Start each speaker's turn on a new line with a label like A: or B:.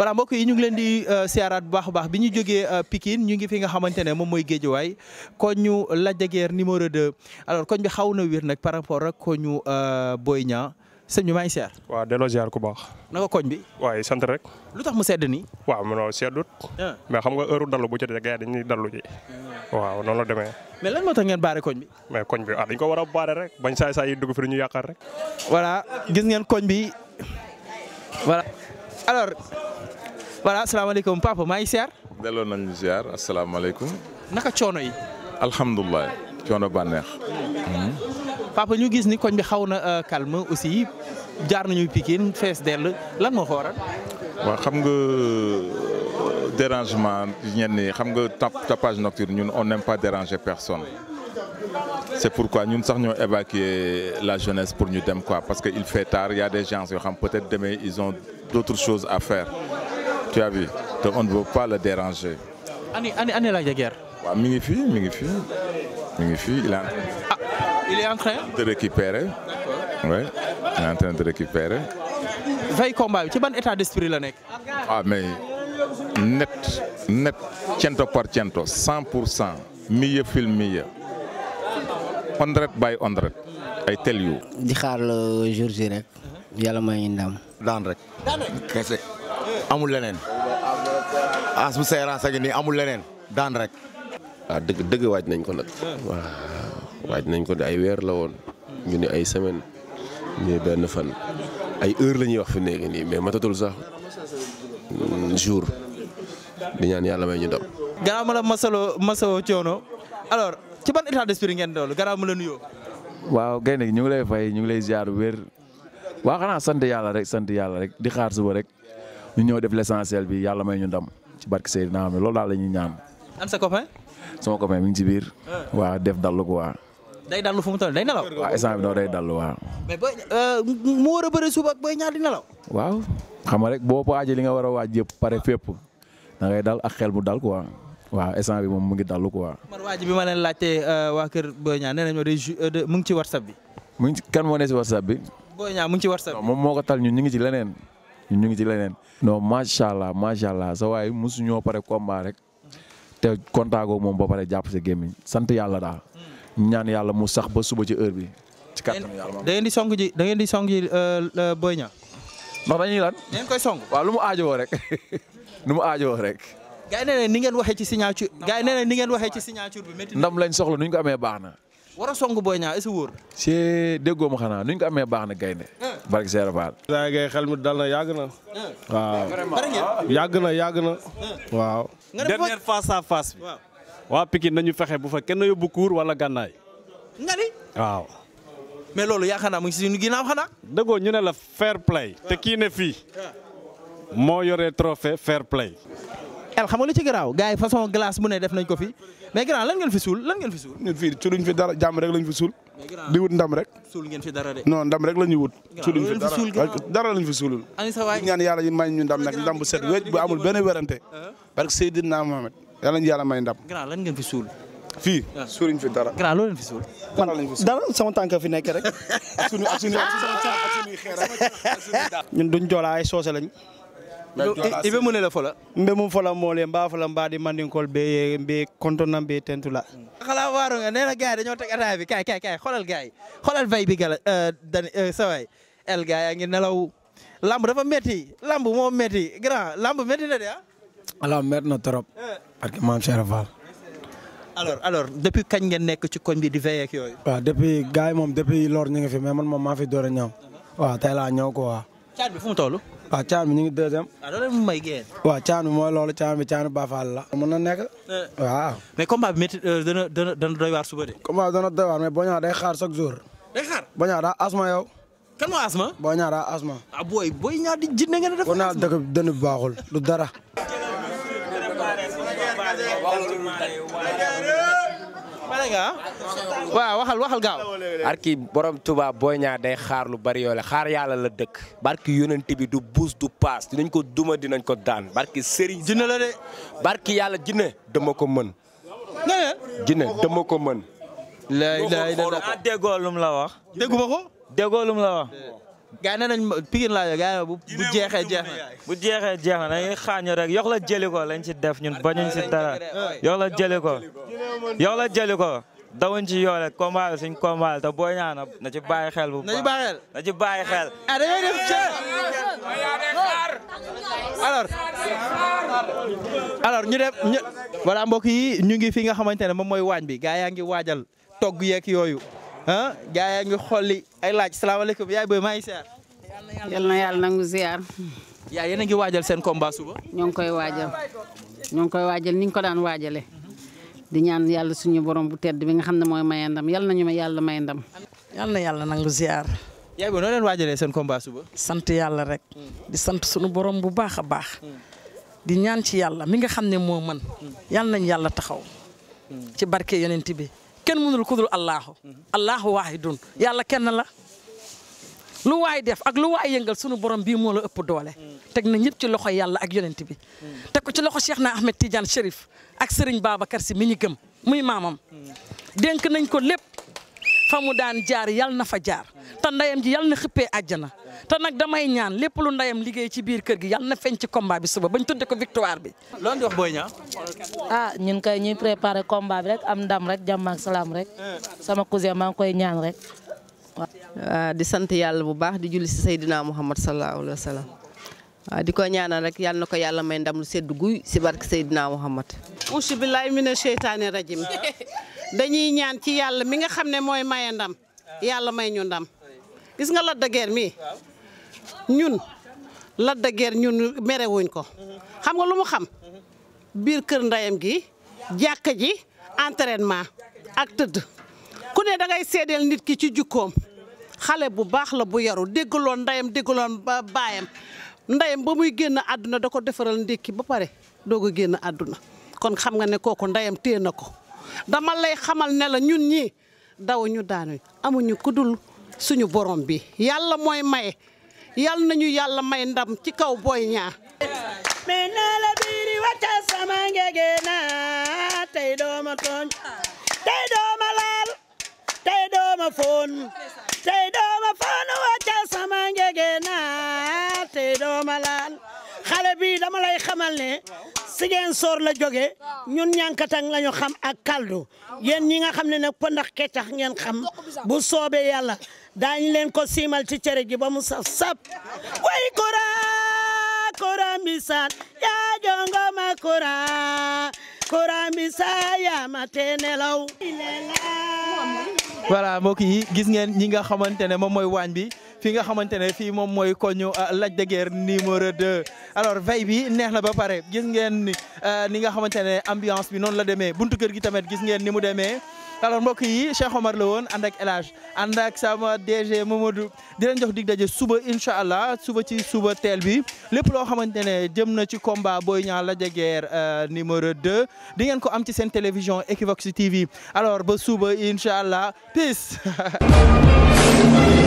A: voilà mbokk yi ñu ngi leen di euh, siyaaraat bu baax baax bi ñu jógee euh, Pikine ñu ngi fi nga xamante ne moom mooy Géejawaay koñu Lac de Guiers numéro 2 alors koñ bi xaw na wér nag par rapport ak koñu euh, Boy Niang sëñ bi maa ngi siyaar. waaw delloo siyaar ku baax. naka koñ bi. waaye sant rek. lu tax mu sedd nii. waaw non seddut. Ah. mais xam nga heure dallu bu jotee gars yi dañuy dallu ji. Ah. waaw noonu la demee. mais lan moo tax ngeen baare koñ bi. mais koñ bi ah dañ ko war a baare rek bañ saay saay yi dugg fi ñu yaakaar rek. voilà gis ngeen koñ bi voilà
B: voilà asalaamaaleykum papa maa ngi siyaar. delloo nañu siyaar asalaamaaleykum. naka coono yi. alhamdulilah coono bànneex. Hmm. papa ñu gis ni koñ bi
A: xaw na euh, calme aussi jaar nañu Pikine fees dell lan moo ko waral.
B: waaw xam nga euh, dérangement ñenn ñi xam nga tap tapage nocturne ñun on n'aime pas déranger personne. c'est pourquoi ñun sax ñoo évacuer la jeunesse pour ñu dem quoi parce que il fait tard il a des gens yo xam peut-être demain ils ont d'autres choses à faire. tu as te donc on ne veut pas le déranger. ani ani ani Lac waaw mi ngi fi mi ngi fi mi ngi fi il est en train. ah il est en de récupérer. oui il est en de récupérer. veille combat bi ci ban état d'esprit la nekk. ah mais net cento par cento cent pour cent mieux film mieux hundred by hundred ay tel yu. di le euh, jour ji rek. yàlla may ndam. amul leneen as bu seeraas amul leneen daan rek. waaw ah, dëgg waaj nañ ko nag. waaw waaj nañ ko ay weer la woon. ñu ni ay semaine ñu benn fan ay heure la ñuy wax fi nekk nii mais matatul sax jour di ñaan yàlla may ñu dam gannaaw ma la masalo masalo
A: coono alors ci ban état d'esprit ngeen dool gannaaw ma la nuyoo.
B: waaw gaynde ñu ngi lay fay ñu ngi lay ziar wér. waa xanaa sant yàlla rek sant yàlla rek di xaar suba rek. ñu ñëw def l'essentiel bi yàlla may ñu ndam ci barke Seydina Amady loolu daal la ñuy ñaan. an sa copain. sama mi ngi ci biir. Ah. waa def dallu ko waa.
A: day dallu fu mu toll day nelaw. waaw
B: instant bi noonu day dallu waaw.
A: Euh, mu war a bëri suba booy ñaar di nelaw.
B: waaw rek boo waajee li nga war a waaj yëpp pare da ngay dal ak mu dal quoi. waaw instant bi moom mu ngi dallu quoi. man waa ji bi
A: euh, waa kër Boy Niang nee nañu euh, mu ngi ci whatsapp bi. mu ngi ci kan moo
B: ne si whatsapp bi. Boy Niang mu ngi ci whatsapp bi. moom moo ko tal ñun ñu ngi ci bi ñu ngi ci leneen. non macha allah macha allah sa waay mosu ñoo pare combat rek te kontaagoo moom ba pare jàpp se gémmiñ sant yàlla daal ñaan yàlla mu sax ba suba ci heure bi. ci kàttanu yàlla
A: di song ji da ngeen di song ji euh, Boy Niang. ndax dañuy lan. ngeen koy song waaw lu mu aajowoo
B: rek nu mu aajowoo rek.
A: gaa yi ni ngeen waxee ci signature. gaa ni ngeen waxee ci signature bi métti ndam
B: lañ soxla nu ñu ko amee baax na. war a song Boy Niang est si déggoo ma xanaa nu ñu ko amee baax na gaynde eh, barke Seydou Fall. ngay xel mi dal na yàgg na. yàgg na yàgg na waaw. dernière face à face bi. waa Pikine
A: nañu fexe bu fa kenn yóbbu kuur wala gànnaay. nga ni waaw. mais loolu yaakaar naa mu ngi si ginnaaw xanaa. dëggoo ñu ne la fair play. te kii ne fii. moo yore trophée fair play. el xam nga lu ci garaaw gars yi façon glace bu ne def nañ ko fi mais garaaw lan ngeen fi suul lan ngeen fi suul. ñun fii suuluñ fi dara jàmm rek lañ fi suul. di wut ndam rek. suul ngeen fi dara non ndam rek la ñuy wut. suuluñ fi dara dara lañ fi suulul. ñaan yàlla yi may ñu ndam nag ndam bu set wécc bu amul benn werante. parce uh-huh. que Seydina Mohamed yàlla ñu yàlla may ndam. grand lan ngeen fi suul. fii
B: suuluñ fi dara.
A: sama tànk fi nekk rek. ak suñu ak suñu ak soose lañ. E, ibe mune la fola mbe mu fola mole mba fola mba di mandinkol be mbe kontona mbe tentula xala mm. waru nga neena gaay dañoo teg ataay bi kay kay kay xolal gaay xolal vay bi gala euh, euh, saway el gaay a ngi nelaw lamb dafa metti lamb moo metti grand lamb metti na de ah
B: ala metti na trop euh. parce que maam
A: depuis kañ ngeen nekk ci koñ bi di veillé ak yooyu
B: waaw depuis gaay moom depuis lor ñu fi mais man
A: moom maa fi door a ñëw waaw tey laa waaw caan bi ñu ngi deuxième. waaw ah, loolu mu may génn. bi mooy bi caanu baafaal la. na nekk. Eh. waaw. mais combat bi métti euh, dana dana dana doy waar suba de. combat bi dana waar mais boo ñëwaat day xaar chaque jour. boo ñëwaat daa asma yow. kan moo asma. boo ñëwaat daa asma. Ah, ñaar di jinne boo ñëwaat dëkk bi baaxul du dara. waaw waxal waxal gaaw. barki borom Touba booy ñaa day xaar lu bari yoo xaar yàlla la dëkk. bar barki yonent bi du buus du paas dinañ ko duma di nañ ko daan barki Serigne. jinne la de barki yàlla jinne dama ko mën. jinne dama ko mën. lay lay la la ah, déggoo lum la wax. déggu ma ko. déggoo lum la wax. gaa ne nañ Pikine laa gaa bu bu jeexee jeex na bu jeexee jeex na dañuy rek yox la jëli ko lañ ci def ñun bañuñ ci dara yox yox la jëli ko dawuñ ci yoole combat suñ combat te Boy Niang na ci bàyyi xel bu baax na ci bàyyi xel na xel. ah dañuy ñu def ñu. voilà mbokk yi ñu ngi fi nga xamante ne moom mooy waañ bi gaa yaa ngi waajal togg yeeg yooyu ah gaa ngi xolli ay laaj salaamaaleykum yaay booy maa ngi ziar. yal na a ngi waajal seen combat suba. ñoo ngi koy waajal ñoo ngi koy waajal ni ñu ko daan waajalee. di ñaan yàlla suñu borom bu tedd bi nga xam ne mooy maye ndam yal na ñu ma yàlla maye na yàlla nangu ziar. yaay booy noo leen waajalee seen combat sant yàlla rek. di sant suñu borom bu baax a baax. di ñaan ci yàlla mi nga xam ne moo mën. yal nañ yàlla taxaw. Hmm. ci barke yonent bi kenn mënul ku dul Allahu. Allahu waahidun yàlla kenn la. lu waay def ak lu waay yëngal sunu borom bii moo la ëpp doole. teg na ñëpp ci loxo yàlla ak yonent bi. teg ko ci loxo Cheikh na Ahmed Tidiane Chérif ak Serigne Babacar si mi ñu gëm muy maamam. dénk nañ ko lépp fa mu daan jaar yàlla na fa jaar te ndeyam ji yàlla na xippee àjjana te nag damay ñaan lépp lu ndeyam liggéey ci biir kër gi yàlla na feeñ ci combat bi suba bañ tudde ko victoire bi. loolu di wax Boy Niang.
B: ah ñun kay ñuy préparé combat bi rek am ndam rek jàmm ak salaam rek eh. sama cousin maa ngi koy ñaan rek. waaw
A: di sant yàlla bu baax di julli si Seydina Muhammad sallallahu alayhi di ko ñaanal rek yal na ko yàlla may ndam lu sedd guy si barke Seydina Muhammad auzu billaahi mina sheytaani rajim dañuy ñaan ci yàlla mi nga xam ne mooy may ndam yàlla may ñu ndam gis nga Lac de Guiers ñun Lac de Guiers ñun merewuñ ko xam nga lu mu xam biir kër ndeyam gi jàkka ji entraînement ak tëdd ku ne da ngay seedeel nit ki ci jukkoom xale bu baax la bu yaru déggaloon ndayam déggaloon baayam ndeyam ba muy génn àdduna da ko defaral ndékki ba pare doog a génn àdduna kon xam nga ne kooku ndeyam téye na ko dama lay xamal ne la ñun ñi daw ñu daanuñ amuñu ku dul suñu borom bi yàlla mooy maye yàlla nañu yàlla may ndam ci kaw booy ñaa mais dooma foon tey dooma foon wacca sama ngegenaar tey dooma laal xale bi dama lay xamal ne sigeen soor la jóge ñun ñankatang la ñu xam ak kaldu yéen ñi nga xam ne nag pëndax kecax ngeen xam bu soobe yàlla daañ leen ko siimal ci cere ji ba mu saf sap way kura kura mbisaan yaa jongo ma kura kura mbisaan yaa ma teenelaw voilà mbokk yi gis ngeen ñi nga xamante ne moom mooy waañ bi fi nga xamante ne fii moom mooy koñu euh, Lac de Guiers numéro 2 alors veille bi neex na ba pare gis ngeen euh, ni nga xamante ne ambiance bi noonu la demee buntu kër gi tamit gis ngeen ni mu demee alors mbokk yi Cheikh Omar la woon ànd ak El Hadj ànd ak sama DG Mamadou di leen jox dig daje suba incha allah suba ci suba teel bi lépp loo xamante ne jëm na ci combat Boy Niang Lac de Guiers euh, numéro 2 di ngeen ko am ci seen télévision Equivox TV alors ba suba incha allah peace.